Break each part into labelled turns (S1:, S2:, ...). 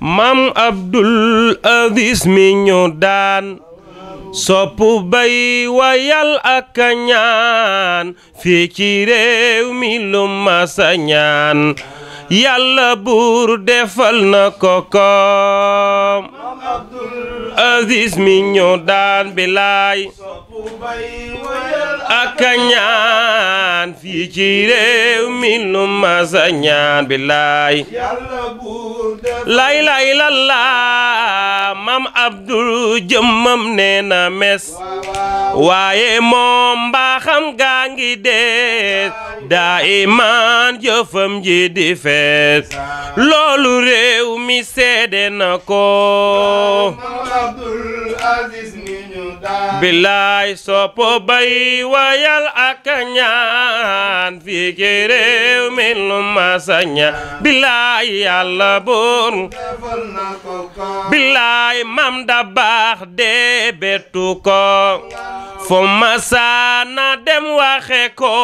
S1: maam abdul aziz mi ñu daan soppu bay wayal ak a ñaan fii ci réew mi lu masa ñaan yàlla buur defal na ko ko maam abdul mi ñu bilaay ak a ñaan fii ci réew mi lu ma sa lay lay la laa maam Abdul jëmmam nee na mes waaye moom mbaaxam gaa ngi dees daa imaan jëfam ji di fees loolu réew mi seede na ko billaay sopp bay wayal ak ñaan naan ma saña billaay yàlla mam da baax dee bettu ko fu ma dem waxe ko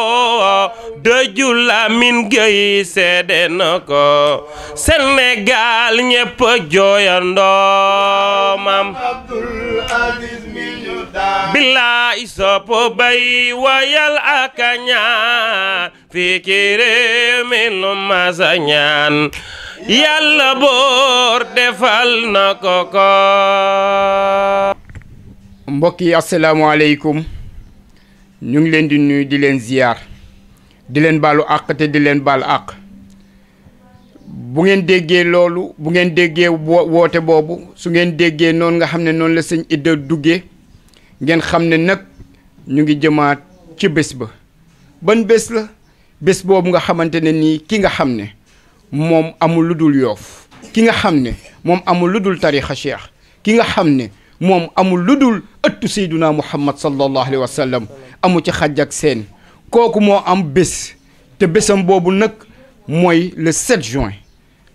S1: dëju Lamin Géy seede na ko Sénégal ñépp jooyandoo mam billaay sopp bay wayal ak ñaan fii ci réew mi yàlla boor defal na ko ko mbokk yi
S2: asalaamaaleykum ñu ngi leen di nuyu di leen ziyaar di leen baalu àq te di leen baal àq bu ngeen déggee loolu bu ngeen déggee woote boobu su ngeen déggee noonu nga xam ne noonu la sëñ Idda dugge ngeen xam ne nag ñu ngi jëmaat ci bés ba ban bés la bés boobu nga xamante ne nii ki nga xam ne moom amul lu dul yoof ki nga xam ne moom amul lu dul tarixa cheikh ki nga xam ne moom amul lu dul ëttu sayduna muhammad sallallahu alayhi wa sallam amu ci xaj ak seen kooku moo am bés te bésam boobu nag mooy le 7 juin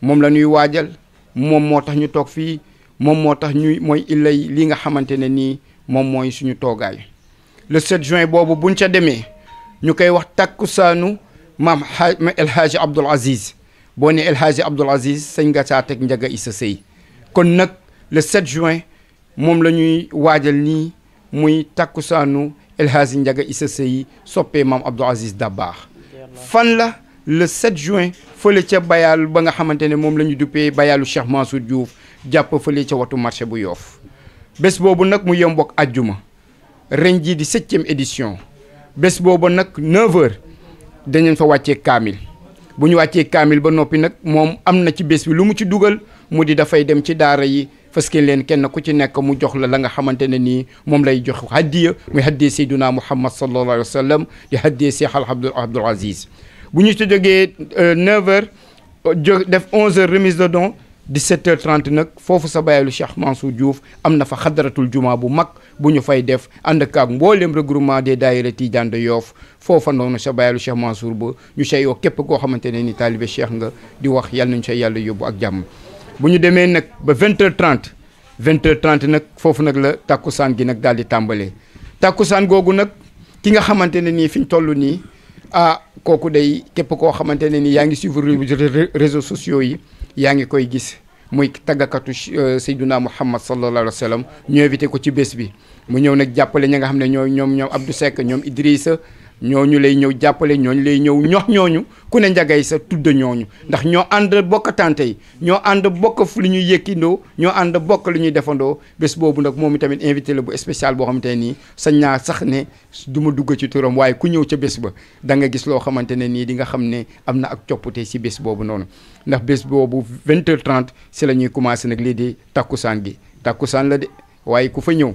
S2: moom la ñuy waajal moom moo tax ñu toog fii moom moo tax ñuy mooy illay lii nga xamante ne nii moom mooy suñu toogaay le 7 juin boobu buñ ca demee ñu koy wax takkusaanu maam El Hadj Abdoul Aziz boo ne El Hadj Abdoul Aziz sañ nga saa teg njaga Issa Sey kon nag le 7 juin moom la ñuy waajal nii muy takkusaanu El Hadj Njaga Issa Sey soppee maam Abdoul Aziz Dabakh fan la le 7 juin fële ca bayal ba nga xamante ne moom la ñu duppee bayalu Cheikh Mansour Diouf jàpp fële ca watu marché bu yoof bés boobu nag mu yemboog ajjuma ren jii di septième édition bés boobu nag 9h dañu fa wàccee kaamil bu ñu wàccee kaamil ba noppi nag moom am na ci bés bi lu mu ci dugal mu di dafay dem ci daara yi parce que leen kenn ku ci nekk mu jox la la nga xamante ne nii moom lay jox haddiya muy haddiya sayduna muhammad sallallahu alayhi wa sallam di haddiya cheikh al abdul aziz bu ñu ci jogee 9 euh, jo def 11h remise de don 17h30 nag foofu sa bayalu Cheikh Mansour Diouf am na fa xadaratul juma bu mag bu ñu fay def ànd ak mbooleem regroupement des daayira Tidiane de Yoff foofa noonu sa bayalu Cheikh Mansour ba ñu say yoo képp koo xamante ne ni taalibe Cheikh nga di wax yàlla nañu say yàlla yóbbu ak jàmm bu ñu demee nag ba 20h30 20 nag foofu nag la tàkkusaan gi nag daal di tàmbalee tàkkusaan googu nag ki nga xamante ne nii fi ñu toll nii ah kooku day képp koo xamante ne nii yaa ngi suivre réseaux sociaux yi yaa ngi koy gis muy taggakatu euh, Seydina Muhammad sallallahu alayhi wa sallam ñu invité ko ci bés bi mu ñëw nag jàppale ñi nga xam ne ñoo ñoom ñoom Abdou sekk ñoom Idrissa ñooñu lay ñëw jàppale ñooñu lay ñëw ñox ñooñu ku ne njagay sa tudd ñooñu ndax ñoo ànd bokk tante yi ñoo ànd bokk fu lu ñuy yëkkindoo ñoo ànd bokk lu ñuy defandoo bés boobu nag moom tamit invité la bu espécial boo xamante ne nii sañ naa sax ne du ma dugg ci turam waaye ku ñëw ca bés ba da nga gis loo xamante ne nii di nga xam ne am na ak coppite si bés boobu noonu ndax bés boobu 20 h si la ñuy commencé nag lii di takkusaan gi takkusaan la de waaye ku fa ñëw.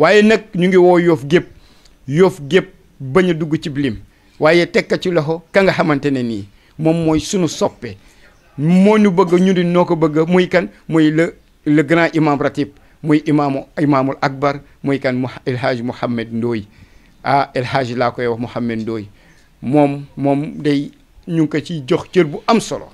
S2: waaye nag ñu ngi woo yoof gépp yoof gépp bañ a dugg ci bilim waaye teg tekka ci loxo ka nga xamante ne nii moom mooy sunu soppe moo ñu bëgg ñu di noo ko bëgg muy kan muy le le grand imam ratib muy imaamu imaamul akbar muy kan mu El Hadj Mouhamed Ndoye ah El laa koy wax Mouhamed Ndoye moom moom day ñu ngi ko ci jox cër bu am solo.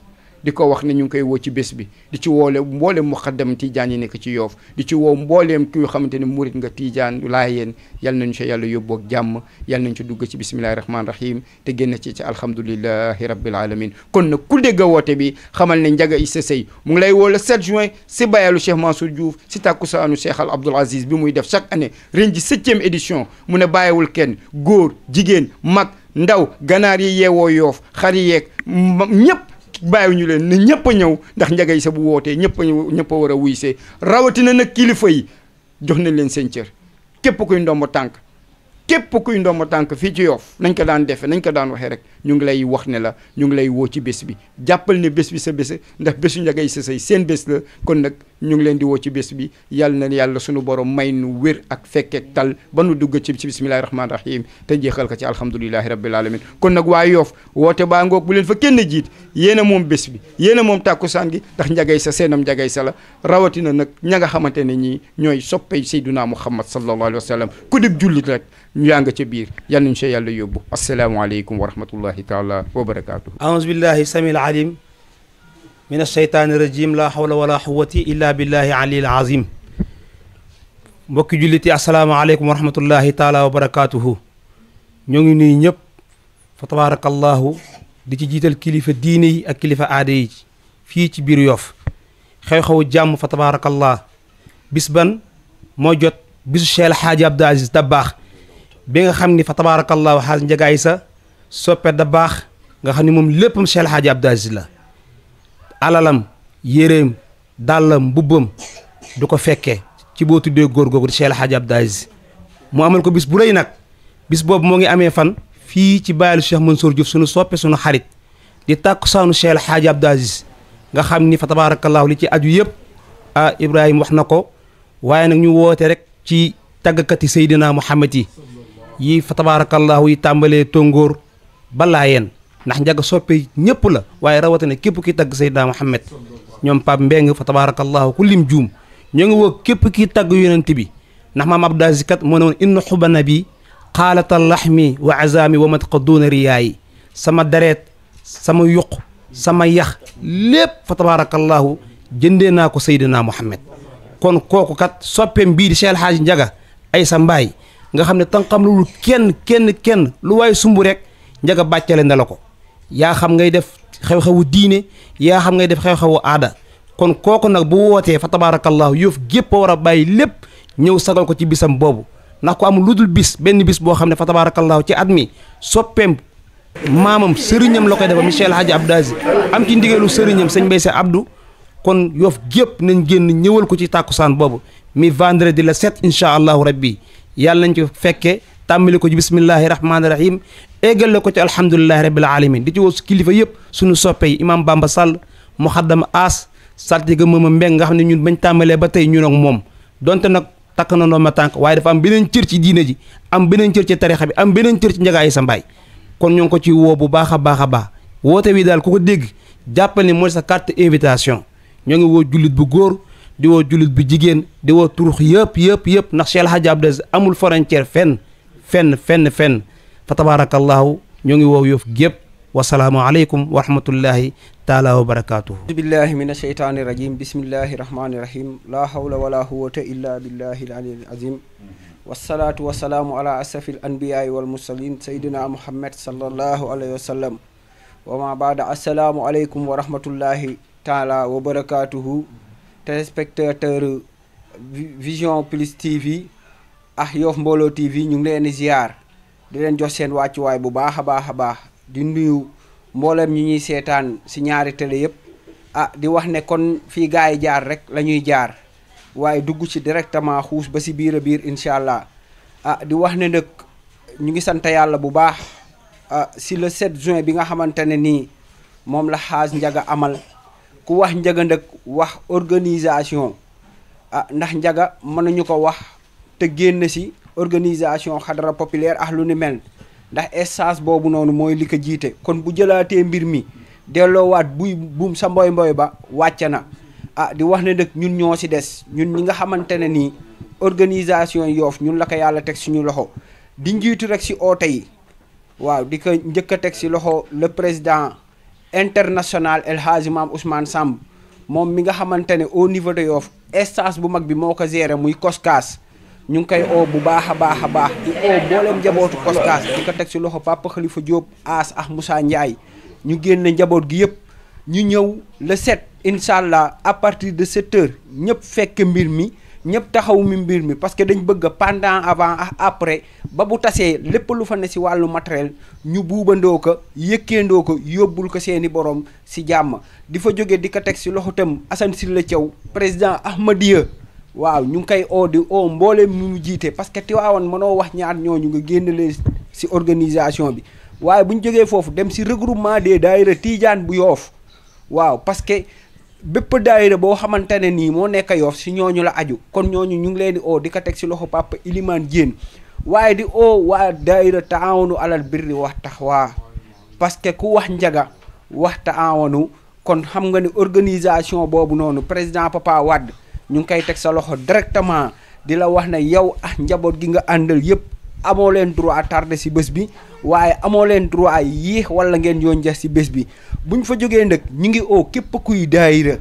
S2: di ko wax ne ñu ngi koy woo ci bés bi di ci woole mbooleem muqaddam tiijaan yi nekk ci yoof di ci woo mbooleem ki nga xamante ne murit nga tijaan laayeen yal nañu ci yàlla yóbboog jàmm yal nañ ci dugg ci bisimillahi rahmaani rahim te génn ci ci alhamdulilahi rabbil alamin kon nag ku dégg woote bi xamal ne njaga isa sëy mu ngi lay woo le 7 juin si bayalu Cheikh Mansour Diouf si tàkkusaanu Cheikh al Abdoul Aziz bi muy def chaque année ren ji septième édition mu ne bàyyiwul kenn góor jigéen mag ndaw ganaar yi yeewoo yoof xar yi yeeg ñëpp bàyyi ñu leen ne ñëpp ñëw ndax njagay sa bu wootee ñëpp a ñëpp war a wuy see rawatina nag kilifa yi jox nañ leen seen cër képp kuy ndombo tànk képp kuy ndombo tànk fii ci yoof nañ ko daan defe nañ ko daan waxee rek ñu ngi lay wax ne la ñu ngi lay woo ci bés bi jàppal ne bés bi sa bés ndax bésu njagay sa say seen bés la kon nag ñu ngi leen di woo ci bés bi yàlla na yàlla sunu boroom may nu wér ak fekkeek tal ba nu dugg ci ci bismillahi rahmaani rahim te jeexal ko ci alhamdulillahi rabbil alamin kon nag waa yoof woote baa ngoog bu leen fa kenn jiit yéen a moom bés bi yéen a moom tàkkusaan gi ndax njagay sa seenam njagay sa la rawatina nag ña nga xamante ne ñii ñooy soppey sayduna muhammad sallallahu alayhi wa sallam ku dib jullit rek ñu yaa nga ca biir yal nañu sa yàlla yóbbu asalaamualeykum wa rahmatullahi taala wa barakatuhu
S3: العليم من الشيطان الرجيم لا حول ولا قوة إلا بالله العلي العظيم مبك جلتي السلام عليكم ورحمة الله تعالى وبركاته نيوني ني نيب فتبارك الله دي تي جيتال كليفة ديني اك كليفة عادي في تي يوف خيو خو جام فتبارك الله بسبن مو جوت بس شال حاج عبد العزيز دباخ بيغا خامني فتبارك الله حاج نجا عيسى سوبر دباخ nga xamni mom moom léppam Cheikh Hadji Abdou la alalam yéreem dalam bubbam du ko fekkee ci bo tuddé gor gogu Cheikh Hadji Abdou Aziz mu amal ko bis bu reuy nak bis bob mo ngi amé fan fi ci bayal Cheikh Mansour Diouf suñu soppe suñu xarit di tàkkusaanu Cheikh Hadji Abdou nga xamni fa tabarakallah li ci aju yëpp a ibrahim wax nako waye nak ñu wote rek ci tàggkati Seydina muhammadi yi fa tabarakallah yi tambalé tongor balayen ndax njaga soppi ñepp la rawati ne kep ki tag sayyida Muhammad ñom Pape Mbeng fa tabarakallah kulim joom juum ñoo ngi woo képp ki tag yonent bi ndax mam Aziz kat ne nabi Qalat wa azami wa matqadun riyai sama deret, sama yuq sama yah. lepp fa tabarakallah jende naa ko Muhammad kon koku kat soppe mbi di Cheikh haji Njaga ay sa mbay nga xamne tankam lu kenn kenn kenn lu way sumbu rek njaga baccale ndalako yaa xam ngay def xew-xewu diine yaa xam ngay def xew-xewu aada kon kooku nag bu wootee fa tabaarakallaahu yoof gépp a war a bàyyi lépp ñëw sagal ko ci bisam boobu ndax ko amul lu dul bis benn bis boo xam ne fa tabaarakallaahu ci at mi soppeem maamam sëriñam la koy defal monsieur El Hadj Abdou Aziz am ci ndigeelu sëriñam sëñ Mbaye Sy Abdou kon yoof gépp nañ génn ñëwal ko ci tàkku tàkkusaan boobu mi vendredi la set incha allahu rabbi yàlla nañ ci fekkee tàmbali ko ci bismillahi rahmaani rahim eggale ko ci alhamdulilahi rabil alamin di ci woo kilifa yëpp suñu soppe yi imam bamba sàll muhaddam aas saltiga mëma mbeng nga xam ne ñun bañ tàmbalee ba tey ñun ak moom donte nag takk na ndoom ma tànk waaye dafa am beneen cër ci diine ji am beneen cër ci tarixa bi am beneen cër ci njagaayi sa mbaay kon ñoo ngi ko ci woo bu baax a baax a baax woote wi daal ku ko dégg jàppal ni mooy sa carte invitation ñoo ngi woo jullit bu góor di woo jullit bu jigéen di woo turux yëpp yëpp yëpp ndax Cheikh Hadj Abdou amul frontière fenn فن فن فن فتبارك الله نيغي وو يوف جيب والسلام عليكم ورحمة الله تعالى وبركاته
S4: بسم الله من الشيطان الرجيم بسم الله الرحمن الرحيم لا حول ولا قوة إلا بالله العلي العظيم والصلاة والسلام على أسف الأنبياء والمرسلين سيدنا محمد صلى الله عليه وسلم وما بعد السلام عليكم ورحمة الله تعالى وبركاته تسبكتر فيجن بليس تي في ah yof mbolo TV ñu ngi leen ziar di leen jox seen wàccuwaay bu baaxa baaxa baax di nuyu mbolam ñi ñuy seetaan si ñaari télé yépp ah di wax ne kon fi gaay jaar rek la jaar waaye dugg ci directement xuus ba si biir biir inshallah ah di wax ne nag ñu ngi sant yàlla bu baax ah si le 7 juin bi nga xamante ne nii la xaas njaga amal ku wax njaga ndëkk wax organisation ah ndax njaga mënuñu ko wax. te génn si organisation xadara populaire ak lu ni mel ndax essence boobu noonu mooy li ko jiite kon bu jëlaatee mbir mi delloowaat buy buum sa mboy mboy ba wàcce na ah di wax ne nag ñun ñoo si des ñun ñi nga xamante ne nii organisation yoof ñun la ko yàlla teg suñu loxo di njiitu rek si oote yi waaw di ko njëkk a teg si loxo le président international El Hadji Maam Ousmane Samb moom mi nga xamante ne au niveau de yoof espace bu mag bi moo ko géré muy koskaas ñu ngi koy oo bu baax a baax a baax di oo booleem njabootu Koskas di ko teg si loxo Papa Khalifa Diop As ak Moussa Ndiaye ñu génn njaboot gi yëpp ñu ñëw le 7 incha allah à partir de 7 heures ñëpp fekk mbir mi ñëpp taxaw mi mbir mi parce que dañ bëgg pendant avant ak après ba bu tasee lépp lu fa ne si wàllu matériel ñu buubandoo ko yëkkeendoo ko yóbbul ko seeni borom si jàmm di fa jóge di ko teg si loxo itam Assane Sylla Thiaw président Ahmadiyya waaw ñu ngi koy oo di oo mbooleem ñu mu jiite parce que Tiwaawan mënoo wax ñaar ñooñu nga si organisation bi waaye bu ñu jógee dem si regroupement des daayira Tiijaan bu yoof waaw parce que bépp daayira boo xamante ne nii moo nekk yoof si ñooñu la aju kon ñooñu ñu ngi leen di oo di ko teg si loxo papa iliman jin. waaye di oo waa daayira taawanu alal birri wax tax waa parce que ku wax njaga wax taawanu kon xam nga ne organisation boobu noonu président papa wad. ñu ngi koy teg sa loxo directement di la wax ne yow ax njaboot gi nga àndal yëpp amoo leen droit tardé si bés bi waaye amoo leen droit yéex wala ngeen yoon jeex si bés bi bu buñ fa jógee nag ñu ngi oo képp kuy daayira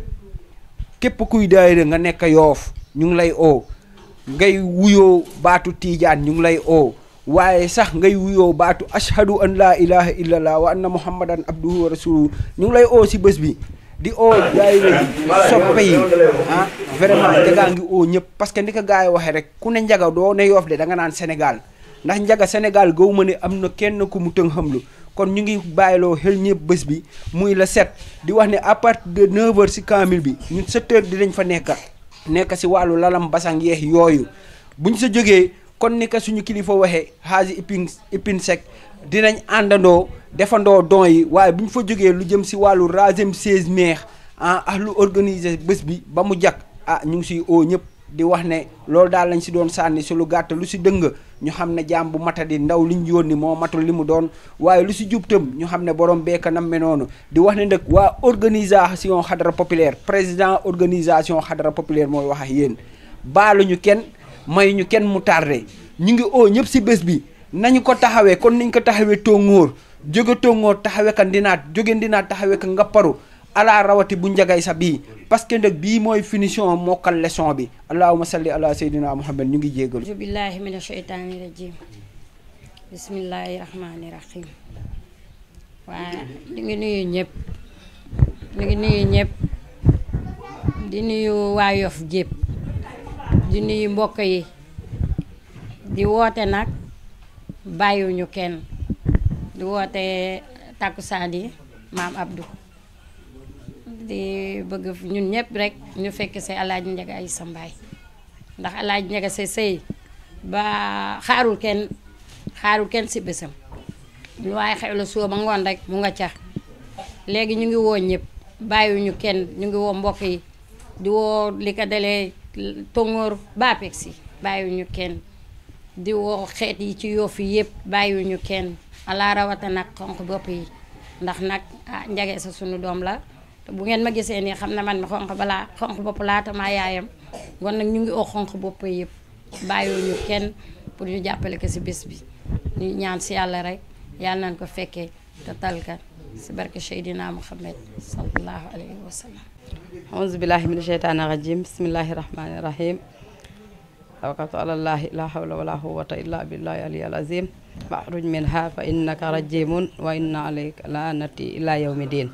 S4: képp kuy daayira nga nekk yoof ñu ngi lay oo ngay wuyoo baatu tiijaan ñu ngi lay oo waaye sax ngay wuyoo baatu ashhadu an laa ilaha illallah wa anna muhammadan abduhu wa rasuluhu ñu ngi lay oo si bés bi di oo gaay yi soppe yi ah vraiment ngi oo ñëpp parce que ni ko gars yi waxee rek ku ne njaga doo ne yoof de da nga naan Sénégal ndax njaga Sénégal gaw ma ne am na kenn ku mu tëng xamlu kon ñu ngi bàyyiloo xel ñëpp bés bi muy la set di wax ne à partir de 9h si kaamil bi ñun 7h dinañ fa nekk nekk si wàllu lalam basang yeex yooyu buñ sa jógee kon ni ko suñu kilifa waxee xaasi ipin ipin sec dinañ àndandoo defandoo don yi waaye bu ñu fa jógee lu jëm si wàllu rasim seize maire ah ak ah lu organiser bés bi ba mu jag ah ñu ngi siy oo ñëpp di wax ne loolu daal lañ si doon sànni si lu gàtt lu si dënga ñu xam ne jaam bu matadi ndaw liñ yónni moo matul li mu doon waaye lu si jubtam ñu xam ne borom beeka namme noonu di wax ne nag waa organisation xadara populaire président organisation xadara populaire mooy wax ak yéen baaluñu kenn may ñu kenn mu tardé ñu ngi ñëpp si bés bi nañu ko taxawé kon niñ ko ngor joge to tóngóor taxawé kan dina joge dina taxawé ka ngapparu ala rawati bu njagay sa bi parce que nag bi moy finition mokkal leçon bi allahumma salli ala sayyidina muhammad ñu ngi jéggal auzu
S5: minash shaitani rajim bismillahir rahmanir rahim wa ñu ngi nuyu ñep ñu ngi nuyu ñep di nuyu wayof jep di nuyu mbokk yi di wote nak bàyyiwuñu kenn di woote takkusaan yi maam Abdou di bëgg ñun ñëpp rek ñu fekk si alaaji Njaga ay sa mbaay ndax alaaji Njaga sa sëy ba xaarul kenn xaarul kenn si bésam lu waaye xew la suba ba ngoon rek mu nga ca léegi ñu ngi woo ñëpp bàyyiwuñu kenn ñu ngi woo mbokk yi di woo li ko dalee tongoor ba apegsi bàyyiwuñu kenn di woo xeet yi ci yoof yi yëpp bàyyiwuñu kenn alaa rawata nag xonq bopp yi ndax nag ah njage sa sunu doom la te bu ngeen ma gisee nii xam ne man mi xonq balaa xonq bopp laata ma yaayam kon nag ñu ngi oo xonq bopp yëpp bàyyiwuñu kenn pour ñu jàppale ko si bés bi ñu ñaan si yàlla rek yàlla nañ ko fekkee te tal ka si barke Seydina Muhammad sallallahu alayhi wa sallam
S6: aouzu billahi mina sheytaani rajim bismillahi rahmani توكلت على الله لا حول ولا قوة إلا بالله العلي العظيم فاخرج منها فإنك رجيم وإن عليك لعنتي إلى يوم الدين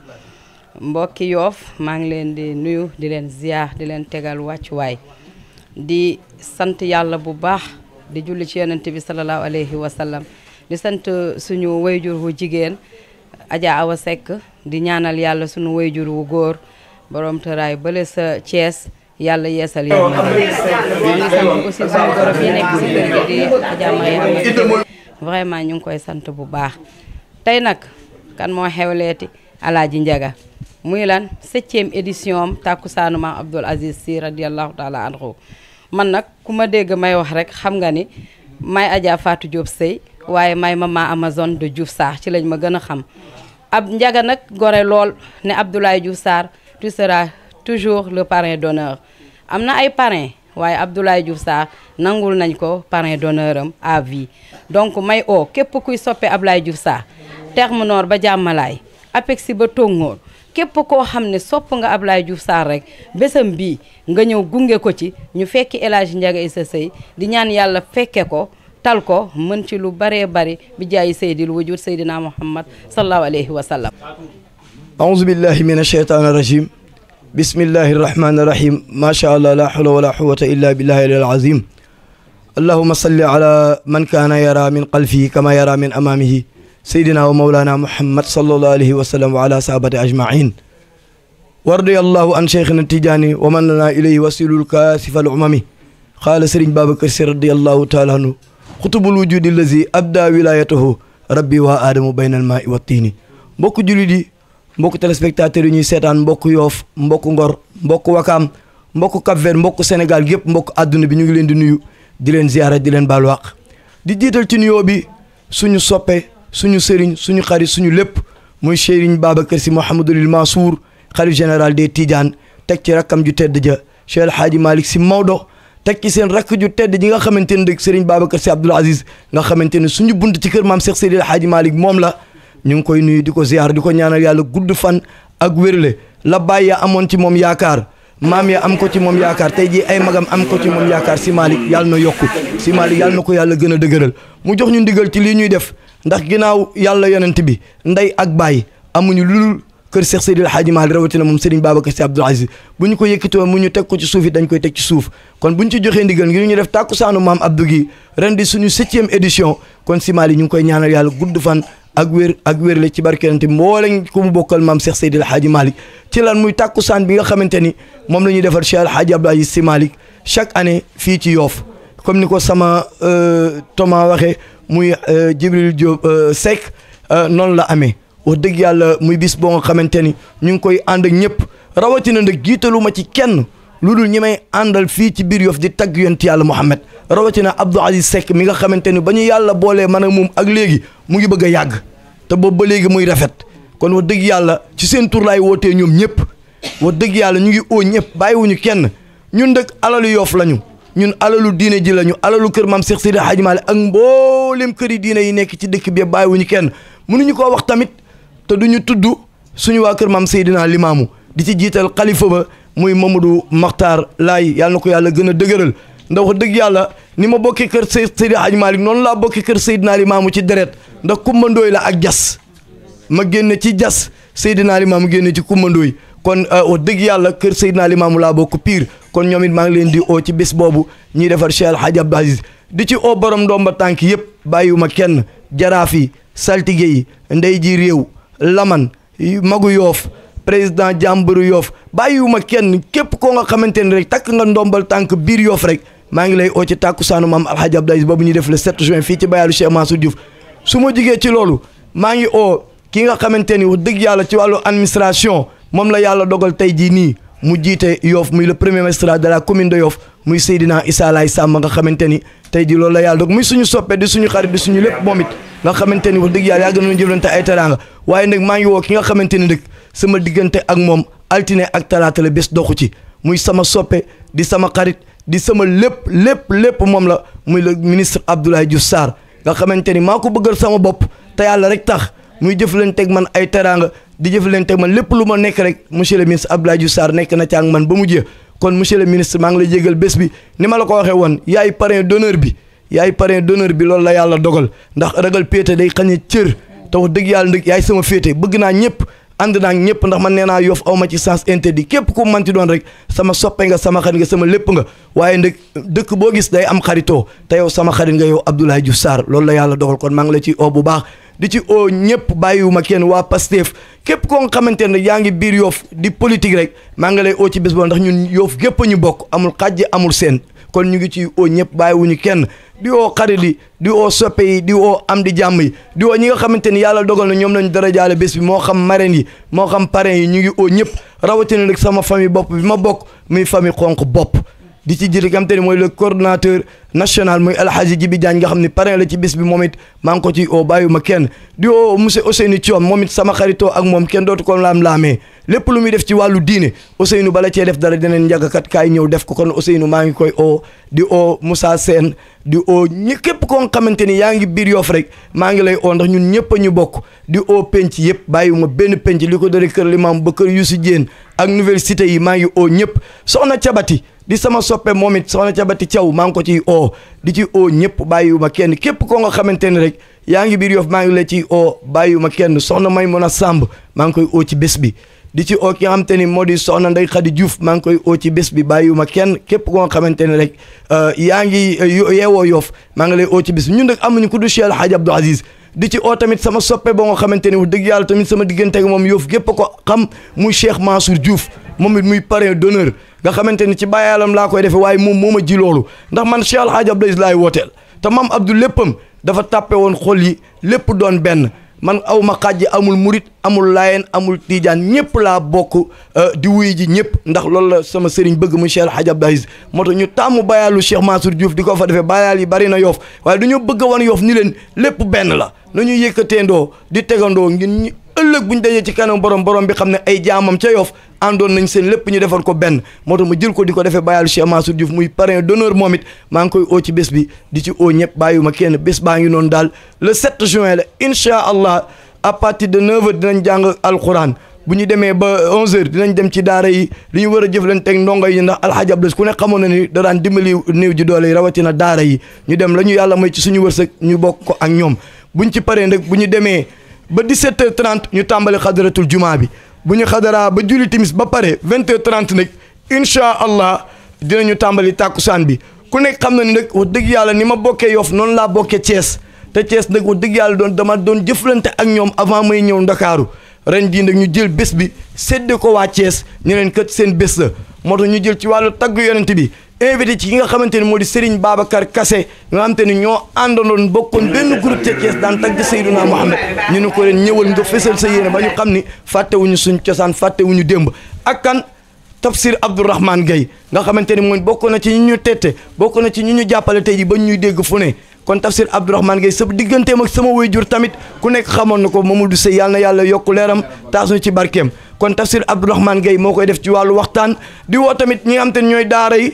S6: mbokki yoof maa ngi leen di nuyu di leen ziyaar di leen tegal wàccuwaay di sant yàlla bu baax di julli ci yonent bi salallaahu alayhi wa di sant suñu wayjur wu jigéen Adja Awa Seck di ñaanal yàlla suñu wayjur wu góor borom tëraay sa Thiès yàlla yeesal yow ma ngi ñu ngi koy sant bu baax tey nag kan moo xewleeti alaaji njaga muy lan septième édition am tàkkusaanu maam Abdoul Aziz Sy radiallahu taala anhu man nag ku ma dégg may wax rek xam nga ni may Adja Fatou Diop Sey waaye may ma mama Amazone de Diouf Sarr ci lañ ma gën a xam ab njaga nag gore lool ne Abdoulaye Diouf Sarr tu seras toujours le parrain d'honneur am na ay parrain waaye Abdoulaye Diouf Sarr nangul nañ ko parrain d'honneur am à vie donc may oo képp kuy soppe Abdoulaye Diouf Sarr terme nord ba jàmmalaay APEXI ba tóngoor képp koo xam ne sopp nga Abdoulaye Diouf Sarr rek bésam bi nga ñëw gunge ko ci ñu fekk El Hadji sa Issa di ñaan yàlla fekke ko tal ko mën ci lu baree bari bi jaayi seydil wujud seydina muhammad sallallahu alayhi wa sallam
S7: aouzu billahi min acheytan rajim بسم الله الرحمن الرحيم ما شاء الله لا حول ولا قوة إلا بالله العظيم اللهم صل على من كان يرى من قلبه كما يرى من أمامه سيدنا ومولانا محمد صلى الله عليه وسلم وعلى صحابته أجمعين ورضي الله عن شيخنا التجاني ومن لنا إليه وسيل الكاسف العمامي قال سرين بابك رضي الله تعالى عنه خطب الوجود الذي أبدى ولايته ربي وآدم بين الماء والطين mbokk جلدي mbokk téléspectateurs yi ñuy seetaan mbokk yoof mbokk ngor mbokk wakaam mbokk Cap-Vert mbokk Sénégal yëpp mbokk àdduna bi ñu ngi leen di nuyu di leen ziyaara di leen baal wax di jiital ci nuyoo bi suñu soppe suñu sëriñ suñu xarit suñu lépp muy Serigne Babacar Sy Mouhamadoul Mansour xalif général des Tidianes teg ci rakkam ju tedd ja Cheikh El Hadji si Sy Maodo teg ci seen rakk ju tedd ji nga xamante ne dëgg Serigne Babacar Sy Abdoul nga xamante ne suñu bunt ci kër maam Cheikh Seydi El Hadji moom la ñu ngi koy nuyu di ko ziar di ko ñaanal yàlla gudd fan ak wérle la baay ya amoon ci moom yaakaar maam ya am ko ci moom yaakaar tey jii ay magam am ko ci moom yaakaar si Malick yàlla na yokku si Malick yàlla na ko yàlla gën a dëgëral mu jox ñu ndigal ci lii ñuy def ndax ginnaaw yàlla yonent bi ndey ak baay amuñu lul kër Cheikh Seydil Hadji Malick rawatina moom Serigne Babacar Sy Abdoul Aziz bu ñu ko yëkkati woon mu ñu teg ko ci suuf it dañ koy teg ci suuf kon bu ñu ci joxee ndigal ngir ñu def tàkkusaanu maam Abdou gi ren di suñu septième édition kon si Malick ñu ngi koy ñaanal yàlla gudd fan ak wér ak wérle ci barkeelante mboole ku mu bokkal maam Cheikh la Hadji Malick ci lan muy tàkkusaan bi nga xamante ni moom la ñuy defar Cheikh Alhaji Abdou Aziz Sy Malick chaque année fii ci Yoff comme ni ko sama euh, Thomas waxee muy euh, Jibril Diop euh, Seck noonu la amee wax dëgg yàlla muy bis boo nga xamante ni ñu ngi koy ànd ak ñëpp rawatina nag jiitalu ma ci kenn lu dul ñi may àndal fii ci biir Yoff di tagg yonent yàlla Muhammad rawatina Abdou Aziz Seck mi nga xamante ni ba ñu yàlla boolee man ak moom ak léegi mu ngi bëgg a yàgg te boobu ba léegi muy rafet kon wax dëgg yàlla ci seen tur laay wootee ñoom ñëpp wax dëgg yàlla ñu ngi oo ñëpp bàyyiwuñu kenn ñun dëkk alalu Yoff lañu ñun alalu diine ji lañu alalu kër maam seex Sidi Hadji Malick ak mboolem këri diine yi nekk ci dëkk bi bàyyiwuñu kenn mënuñu koo wax tamit te duñu tudd suñu waa kër maam Seydina Limaamu di ci jiital xalifa ba muy Mamadou Makhtar Laay yàlla na ko yàlla gën a dëgëral ndax dëgg yàlla ni ma bokki kër Seydi Hadj Malick noonu laa bokki kër Seydina Limaamu ci deret ndax kumbandooy la ak jas ma génne ci jas ma mu génne ci kumbandooy kon euh, wax dëgg yàlla kër ma mu laa bokk pire kon ñoom it ngi leen di oo ci bés boobu ñuy defar Cheikh El Hadj Abdou Aziz di ci oo borom ndomba tànk yëpp bàyyiwuma kenn jaraaf yi saltige yi ndey ji réew laman magu yoof président jàmburu yoof bàyyiwuma kenn képp ko nga xamante ni rek takk nga ndombal tànk biir yoof rek maa ngi lay oo ci tàkkusaanu maam alhaji abdoulaye ba bu ñuy def le 7 juin fii ci bayaalu Cheikh Mansour Diouf su ma jigee ci loolu maa ngi oo ki nga xamante ni wax dëgg yàlla ci wàllu administration moom la yàlla dogal tey jii nii mu jiite yoof muy le premier magistrat de la commune de yoof muy Seydina Issa Laye nga xamante ni tey ji loolu la yàlla dog muy suñu soppee di suñu xarit di suñu lépp moom nga xamante ni wax dëgg yàlla yàgg nañu jëflante ay waaye nag maa ngi woo ki nga xamante ni nag sama diggante ak moom altine ak talaata la bés doxu ci muy sama soppee di sama xarit di sama lépp lépp lépp moom la muy le ministre Abdoulaye ju saar nga xamante ni maa ko bëggal sama bopp te yàlla rek tax muy jëflanteeg man ay teraanga di jëflanteeg man lépp lu ma nekk rek monsieur le ministre Abdoulaye Diouf nekk na ci ak man ba mu jeex kon monsieur le ministre maa ngi lay jégal bés bi ni ma la ko waxee woon yaay parrain d'honneur bi yaay parrain d'honneur bi loolu la yàlla dogal ndax ragal péete day xañe cër te wax dëgg yàlla ndëg yaay sama féete bëgg naa ñëpp ànd naa ñëpp ndax man nee naa yof aw ma ci sens interdit képp ku manti doon rek sama soppe nga sama xarit nga sama lépp nga waaye ndëg dëkk boo gis day am xaritoo te yow sama xarit nga yow Abdoulaye Diouf Sarr loolu la yàlla dogal kon maa la ci oo bu baax di ci oo ñëpp ma kenn waa Pastef képp koo nga xamante ne yaa ngi biir yoof di politique rek maa ngi oo ci bés ndax ñun yoof gépp ñu bokk amul xàjj amul seen kon ñu ngi ci oo ñëpp ñu kenn di oo xarit yi di oo soppe di oo am di jàmm yi di oo ñi nga xamante ni yàlla dogal na ñoom lañu dara jaale bés bi moo xam marraine yi moo xam parrain yi ñu ngi oo ñëpp rawatina nag sama famille bopp bi ma bokk muy famille xonq bopp di ci jëli xam te ni mooy le coordonnateur national muy El Hadji Djibi Diagne nga xam ni parrain la ci bis bi moom maa ngi ko ciy oo bàyyi ma kenn di oo monsieur Ousseynou Thion moom it sama xaritoo ak moom kenn dootu ko laam-laamee lépp lu muy def ci wàllu diine Ousseynou bala cee def dara deneen kat kaay ñëw def ko kon Ousseynou maa ngi koy oo di oo Moussa Sène di oo ñi képp koo xamante ni yaa ngi biir yoof rek maa ngi lay oo ndax ñun ñëpp ñu bokk di oo penc yëpp bàyyiwuma benn penc li ko dore kër Limam ba kër Youssou Diène ak nouvelle cité yi maa ngi oo ñëpp soxna cabati di sama soppe moom it soxna Cabati Thiaw maa ngi ko di ci o ñëpp bàyyiwuma kenn képp koo nga xamante ne rek yaa ngi biir Yoff maa ngi la ciy oo bàyyiwuma kenn soxna Maymuna Samb maa ngi koy ci bés bi di ci o ki nga xamante ni moo di soxna Ndey Xadi Diouf maa ngi koy ci bés bi bàyyiwuma kenn képp koo nga xamante ne rek euh, yaa ngi euh, yeewoo yoof maa ngi lay oo ci bés bi ñun nag amuñu ku du Cheikh El Hadj Abdou Aziz di ci o tamit sama soppe boo nga xamante ni wax dëgg yàlla tamit sama diggante ak moom Yoff gépp ko xam muy Cheikh Mansour Diouf moom it muy parrain d'honneur nga xamante ni ci bàyyaalam laa koy defee waaye moom moo ma ji loolu ndax man Cheikh Alhaaj Abdoulaye laay wooteel te maam Abdou léppam dafa tàppe woon xol yi lépp doon benn man aw ma xàjji amul murit amul laayeen amul tiijaan ñëpp laa bokk euh, di wuy ji ñëpp ndax loolu la sama sëriñ bëgg mu Cheikh Hadj Abdou Aziz moo tax ñu tàmmu bayaalu Cheikh Mansour Diouf di ko fa defee bayaal yi bari na yoof waaye du ñu bëgg a wan yoof ni leen lépp benn la na ñu yëkkateendoo di tegandoo ngir ëllëg bu ñu dajee ci kanam borom borom bi xam ne ay jaamam ca Yoff àndoon nañ seen lépp ñu defar ko benn moo tax ma jël ko di ko defee bàyyalu Cheikh Mansour Diouf muy parrain d'honneur moom it maa ngi koy oo ci bés bi di ci oo ñëpp ma kenn bés baa ngi noonu daal le 7 juin la incha allah à partir de 9h dinañ jàng alquran bu ñu demee ba 11h dinañ dem ci daara yi li ñu war a jëflanteeg ndongo yi ndax alxaaj Abdou ku ne xamoon na ni da daan dimbali néew ji doole rawatina daara yi ñu dem la ñu yàlla may ci suñu wërsëg ñu bokk ko ak ñoom buñ ci paree nag bu ñu demee ba 17h30 ñu tàmbali xadaratul juma bi bu ñu xadaraa ba julli timis ba pare 20h30 nag incha allah dinañu tàmbali tàkkusaan bi ku nekk xam na ni nag wax dëgg yàlla ni ma bokkee Yoff noonu laa bokkee Thiès te Thiès nag wax dëgg yàlla doon dama doon jëflante ak ñoom avant may ñëw Ndakaaru ren jii nag ñu jël bés bi sédde ko waa Thiès ñu leen kat seen bés la moo tax ñu jël ci wàllu tagg yonent bi invité ci ki nga xamante ni moo di Serigne Babacar Kassé nga xamante ni ñoo àndandoon bokkoon benn groupe ca Thiès daan tagg Seydouna Mohamed ñu ne ko leen ñëwal nga fësal sa yéene ba ñu xam ni fàttewuñu suñ cosaan ñu démb ak kan Tafsir Abdourahmane Gaye nga xamante ni mooy bokk na ci ñu ñu tette bokk na ci ñu ñu jàppale tey ji ba ñuy dégg fu ne kon Tafsir Abdourahmane gay sa digganteem ak sama waajur tamit ku nekk xamoon na ko Mamadou Seye yàlla na yàlla yokku leeram taas ñu ci barkeem kon Tafsir Abdourahmane Gaye moo koy def ci wàllu waxtaan di woo tamit ñi nga xamante ne ñooy daara yi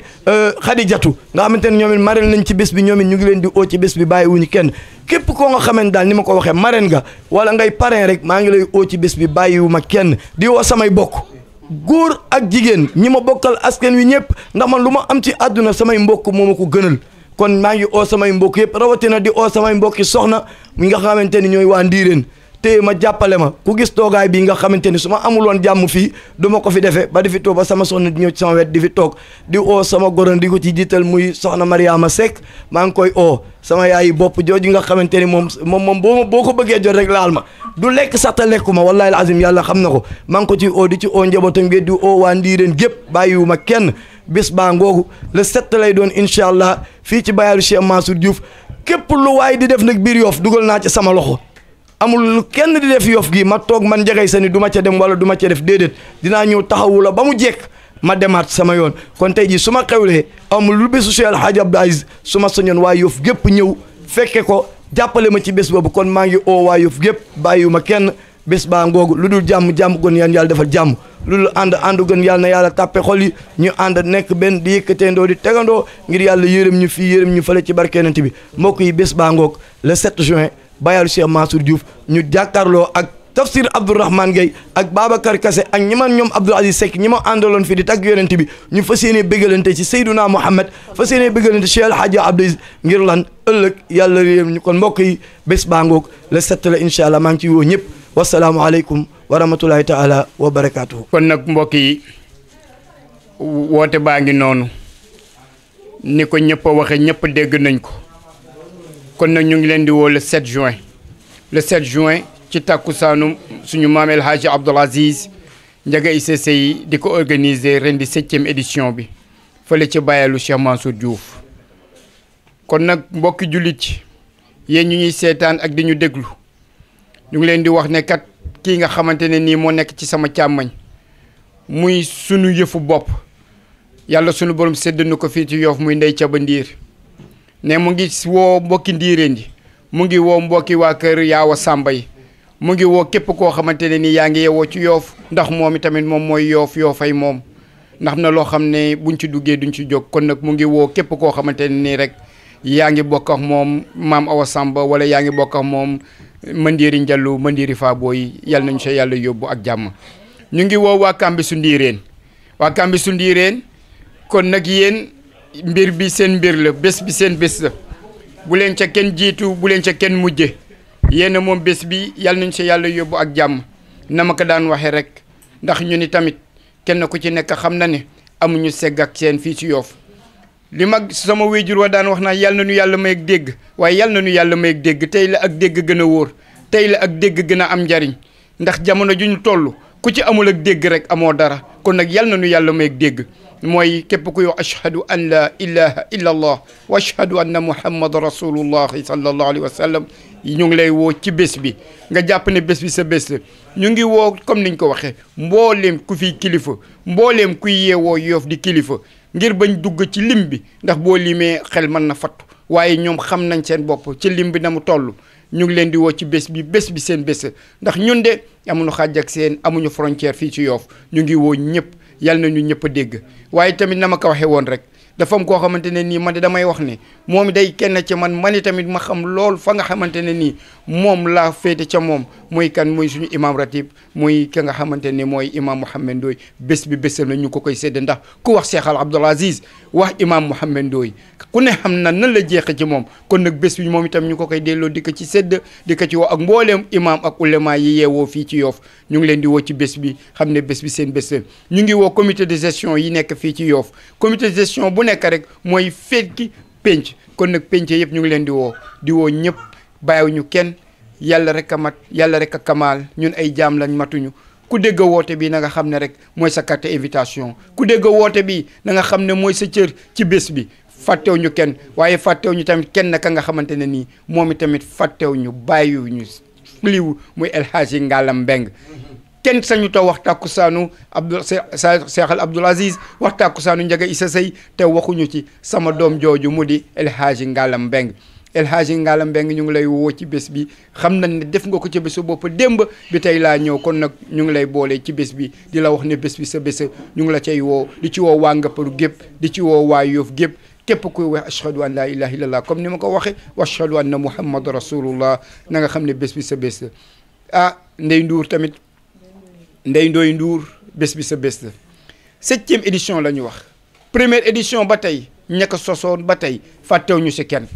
S7: Xadijatu euh, nga xamante ne ñoom it marraine nañ ci bés bi ñoom ñu ngi leen di oo ci bés bi bàyyiwuñu kenn képp koo nga xamante daal ni ma ko waxee marraine nga wala ngay parrain rek maa ngi lay oo ci bés bi bàyyiwu ma kenn di woo samay bokk góor ak jigéen ñi ma bokkal askan wi ñëpp ndax ma lu ma am ci àdduna samay mbokk moom ma ko gënal kon maa ngi oo samay mbokk yëpp rawatina di oo samay mbokki soxna mi nga xamante ni ñooy waa ndiireen téye ma jàppale ma ku gis toogaay bii nga xamante ni su ma amuloon jàmm fii du ma ko fi defee ba di fi toog ba sama soxna di ñëw ci sama wet di fi toog di oo sama goron di ko ci jiital muy soxna Mariama Seck maa ngi koy oo sama yaayi bopp jooju nga xamante ni moom moom moom boo boo bëggee jot rek laal ma du lekk sax ma wallahi alazim yàlla xam na ko maa ngi ko ci oo di ci oo njaboot a di oo waa ndiireen gépp bàyyiwu ma kenn bis baa ngoogu le sept lay doon incha allah fii ci bayalu Cheikh Mansour Diouf képp lu waay di def nag biir yoof dugal naa ci sama loxo amul kenn di def yof gi ma toog man njagay sa ni du ma ca dem wala duma ma ca def déedéet dinaa ñëw taxawu la ba mu jekk ma demaat sama yoon kon tey jii su ma xewlee amul lu bésu Cheikh El Hadj Abdou su ma soñoon waa yof gépp ñëw fekke ko jàppale ma ci bés boobu kon maa ngi oo waa yof gépp bàyyiwuma kenn bés baa ngoogu lu dul jàmm jàmm gon yan yàlla defal jàmm lu dul ànd àndu gën yàlla na yàlla tàppe xol yi ñu ànd nekk benn di yëkkateendoo di tegandoo ngir yàlla yërëm ñu fii yërëm ñu fële ci barkeenante bi mbokk yi bés baa le 7 juin bayalu Cheikh Mansour Diouf ñu jàkkaarloo ak tafsir Abdourahmane Gueye ak Babacar Kassé ak ñi man ñoom Abdou Aziz Seck ñi ma àndaloon fii di tagg yonent bi ñu fas yéene bégalante ci Seydouna Mouhamed fas yéene bégalante Cheikh El Hadji Abdou ngir lan ëllëg yàlla réem ñu kon mbokk yi bés baa ngoog le la incha allah maa ngi ciy woo ñëpp wasalaamualeykum wa rahmatulahi taala wa barakaatu. kon nag mbokk yi woote baa ngi noonu
S2: ni ko ñëpp waxee ñëpp dégg nañ ko. kon nak ñu ngi leen di woo le 7 juin le 7 juin ci tàkkusaanu suñu maameel haji Abdoul Aziz Ndiaga ICC yi di ko organiser ren di 7e édition bi fële ci bàyyalu Cheikh Mansour Diouf kon nag mbokki julit yéen ñu ñuy seetaan ak di ñu déglu ñu ngi leen di wax ne kat kii nga xamante ne nii moo nekk ci sama càmmañ muy sunu yëfu bopp yàlla sunu borom sédd na ko fii ci Yoff muy ndey Thiaba Ndiir ne mu ngi woo mbokki ndiireen ji mu ngi woo mbokki waa kër yaawa sàmba yi mu ngi woo képp koo xamante ne ni yaa ngi yewoo ci yoof ndax moom tamit moom mooy yoof yoofay moom ndax na loo xam ne buñ ci duggee duñ ci jóg kon nag mu ngi woo képp koo xamante ne nii rek yaa ngi bokk ak moom maam awa sàmba wala yaa ngi bokk ak moom mandiiri njallu mandiiri faaboo yi yal nañu sa yàlla yóbbu ak jàmm ñu ngi kàmbi su ndiireen waa kàmbi su ndiireen kon nag yéen mbir bi seen mbir la bés bi seen bés la bu leen ca kenn jiitu bu leen ca kenn mujje yéen moom bés bi yàlla nañ sa yàlla yóbbu ak jàmm na ma ko daan waxee rek ndax ñu ni tamit kenn ku ci nekk xam na ne amuñu segg ak seen fii ci yoof li mag sama wéjur wa daan wax naa yàlla na ñu yàlla may ak dégg waaye yàlla na ñu yàlla may ak dégg tey la ak dégg gën a wóor tey la ak dégg gën a am njariñ ndax jamono ju ñu toll ku ci amul ak dégg rek amoo dara kon nag yàlla na yàlla may dégg mooy képp kuy wax ashhadu an la ilaha illa allah wa ashhadu anna muhammad rasulullah sallallahu alayhi wa ñu ngi lay wo ci bés bi nga jàpp ne bés bi sa bés la ñu ngi wo comme niñ ko waxe mbooleem ku fi kilifa mbooleem ku yewo yof di kilifa ngir bañ dugg ci lim bi ndax bo limé xel man na fat waye ñom xam nañ seen bop ci lim bi namu tollu ñu ngi leen di wo ci bés bi bés bi seen bés ndax ñun de amuñu xàjj ak seen amuñu frontière fi ci yof ñu ngi wo ñëpp yal na ñu ñëpp a dégg waaye tamit na ma ko waxee woon rek dafa am koo xamante ne nii man de damay wax ni moom day kenn ci man mani tamit ma xam lool fa nga xamante ne nii moom laa féete ca moom muy kan muy suñu imam ratib muy ki nga xamante ne mooy imam Mouhamed Ndoye bés bi bésam la ñu ko koy sédde ndax ku wax Cheikh Al Abdoul Aziz wax imaam imam Mouhamed Ndoye ku ne xam na nan la jeexe ci moom kon nag bés bi moom itam ñu ko koy delloo di ko ci sédd di ko ci woo ak mbooleem imam ak ulema yi yeewoo fii ci Yoff ñu ngi leen di woo ci bés bi xam ne bés bi seen bés la ñu ngi woo comité de gestion yi nekk fii ci Yoff comité de gestion bu nekk rek mooy fekki penc kon nag penc yëpp ñu ngi leen di woo di woo ñëpp bàyyiwuñu kenn yàlla rek a mat yàlla rek a kamaal ñun ay jaam lañ matuñu ku dégg woote bi na nga xam ne rek mooy sa carte invitation ku dégg woote bi na nga xam ne mooy sa cër ci bés bi fàttew ñu kenn waaye fàttew ñu tamit kenn ka nga xamante ne nii moom i tamit fàttew ñu bàyyiwuñu liw muy El Hadji Ngalam Mbeng kenn sañu ta wax tàkkusaanu saanu Cheikh al Abdoul Aziz wax tàkkusaanu Njaga Issa Sey te waxuñu ci sama doom jooju mu di El Hadji Ngalam Mbeng El Hadji Ngalam Mbeng ñu ngi lay woo ci bés bi xam nañ ne def nga ko ci bésu bopp démb bi tey laa ñëw kon nag ñu ngi lay boole ci bés bi di la wax ne bés bi sa bés ñu ngi la cay woo di ci woo waa Ngapparu gépp di ci woo waa Yoof gépp كيف كوي واه اشهد ان لا اله الا الله كوم نيمكو واخي واشهد ان محمد رسول الله نغا خامني بس بي سبيس ا ندي ندور تاميت ندي ندوي ندور بس بي سبيس 7 اديشن لا ني واخ بريمير اديشن باتاي نيكا سوسون باتاي فاتيو ني سي كين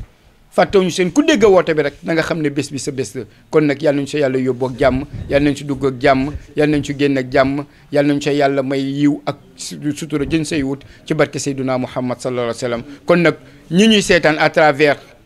S2: fàttewuñu seen ku dégg woote bi rek nanga xam ne bés bi sa bés la kon nag yal nañu sa yàlla yóbbu ak jàmm yal nañu si dugg ak jàmm yal nañu si génn ak jàmm yal nañu sa yàlla may yiw ak sutura jën say wut ci barke Seydina Muhammad sallallahu alayhi wa sallam kon nag ñi ñuy seetaan à travers